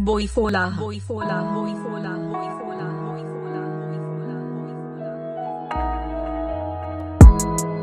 Boifola, Boifola, Boifola, Boifola, Boifola, Boifola, Boifola.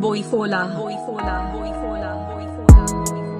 Boyfola. Boyfola. Boyfola. Boyfola. Boyfola.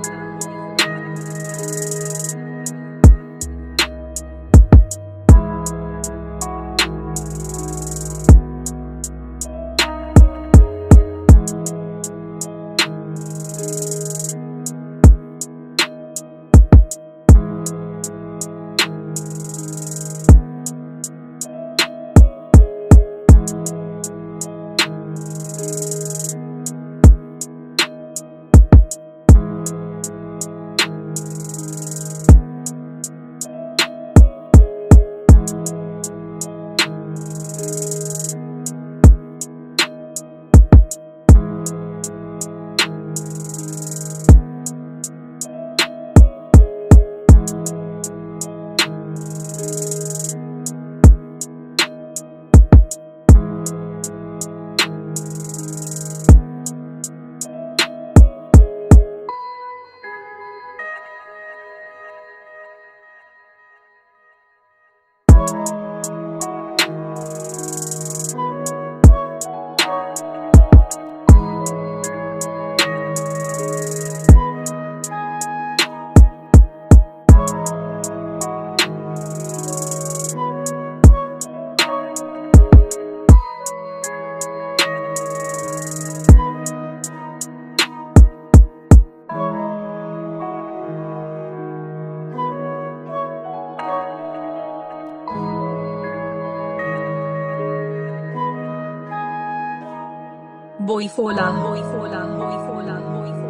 Boy Fola, Boy Fola, Boy Boy